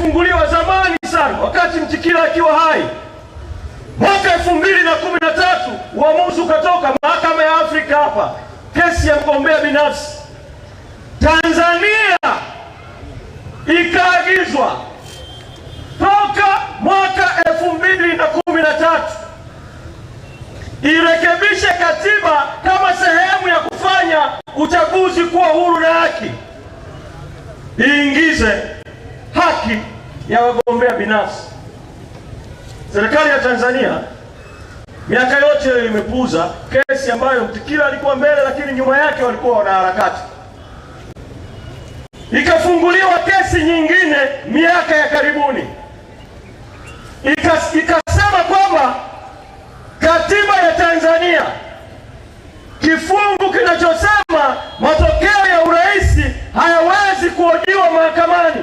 ilifunguliwa zamani sana, wakati Mtikila akiwa hai. Mwaka elfu mbili na kumi na tatu uamuzi ukatoka mahakama ya Afrika hapa, kesi ya mgombea binafsi. Tanzania ikaagizwa toka mwaka elfu mbili na kumi na tatu irekebishe katiba kama sehemu ya kufanya uchaguzi kuwa huru na haki, iingize haki ya wagombea binafsi. Serikali ya Tanzania miaka yote imepuuza kesi ambayo Mtikila alikuwa mbele, lakini nyuma yake walikuwa wanaharakati. Ikafunguliwa kesi nyingine miaka ya karibuni, ikasema kwamba katiba ya Tanzania kifungu kinachosema matokeo ya urais hayawezi kuhojiwa mahakamani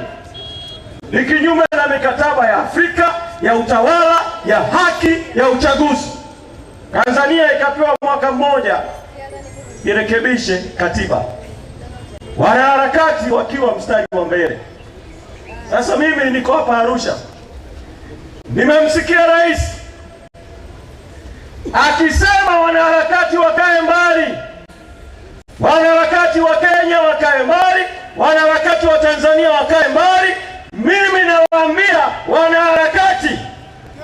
ni kinyume na mikataba ya Afrika ya utawala ya haki ya uchaguzi. Tanzania ikapewa mwaka mmoja irekebishe katiba, wanaharakati wakiwa mstari wa mbele. Sasa mimi niko hapa Arusha, nimemsikia rais akisema wanaharakati wakae mbali, wanaharakati wa Kenya wakae mbali, wanaharakati wa Tanzania wakae mbali Samia wanaharakati,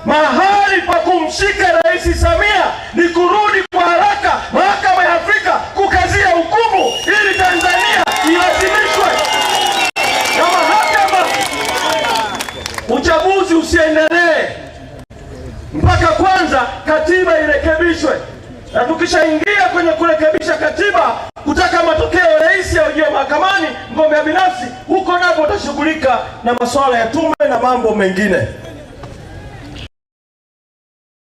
mahali pa kumshika Rais Samia ni kurudi kwa haraka mahakama ya Afrika kukazia hukumu ili Tanzania ilazimishwe na mahakama, uchaguzi usiendelee mpaka kwanza katiba irekebishwe, na tukishaingia kwenye kule na masuala ya tume na mambo mengine.